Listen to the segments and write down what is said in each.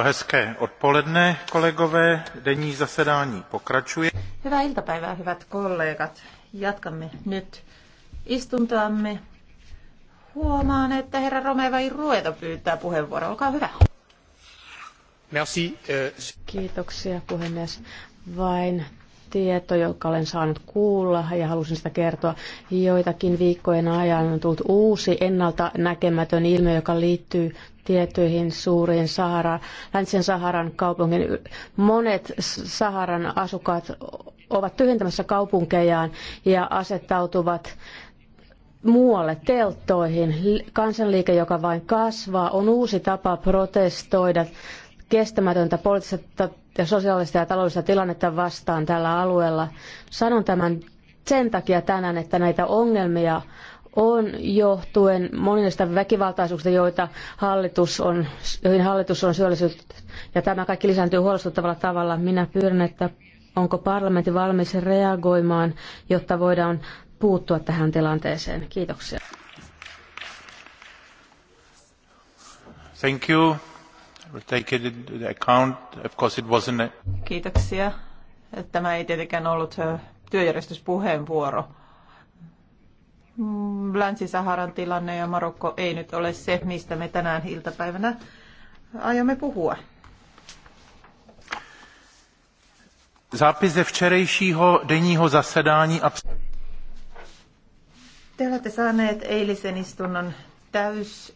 hezké odpoledne, kolegové. Denní zasedání pokračuje. Hyvää iltapäivää, hyvät kollegat. Jatkamme nyt istuntoamme. Huomaan, että herra Romeva Rueta pyytää puheenvuoroa. Olkaa hyvä. Merci. Euh, Kiitoksia puhemies. Vain tieto, joka olen saanut kuulla ja halusin sitä kertoa. Joitakin viikkojen ajan on tullut uusi ennalta näkemätön ilmiö, joka liittyy tiettyihin suuriin Sahara, Läntisen Saharan kaupungin. Monet Saharan asukkaat ovat tyhjentämässä kaupunkejaan ja asettautuvat muualle telttoihin. Kansanliike, joka vain kasvaa, on uusi tapa protestoida kestämätöntä poliittista ja sosiaalista ja taloudellista tilannetta vastaan tällä alueella. Sanon tämän sen takia tänään, että näitä ongelmia on johtuen monista väkivaltaisuuksista, joita hallitus on, joihin hallitus on syöllisyyt. Ja tämä kaikki lisääntyy huolestuttavalla tavalla. Minä pyydän, että onko parlamentti valmis reagoimaan, jotta voidaan puuttua tähän tilanteeseen. Kiitoksia. Thank you. Kiitoksia. Tämä ei tietenkään ollut työjärjestyspuheenvuoro. Mm, Länsi-Saharan tilanne ja Marokko ei nyt ole se, mistä me tänään iltapäivänä aiomme puhua. Zápis ze včerejšího denního zasedání a... Te olette saaneet eilisen istunnon täys,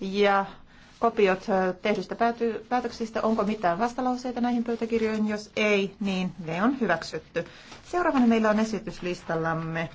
ja kopiot tehdyistä päätöksistä. Onko mitään vastalauseita näihin pöytäkirjoihin? Jos ei, niin ne on hyväksytty. Seuraavana meillä on esityslistallamme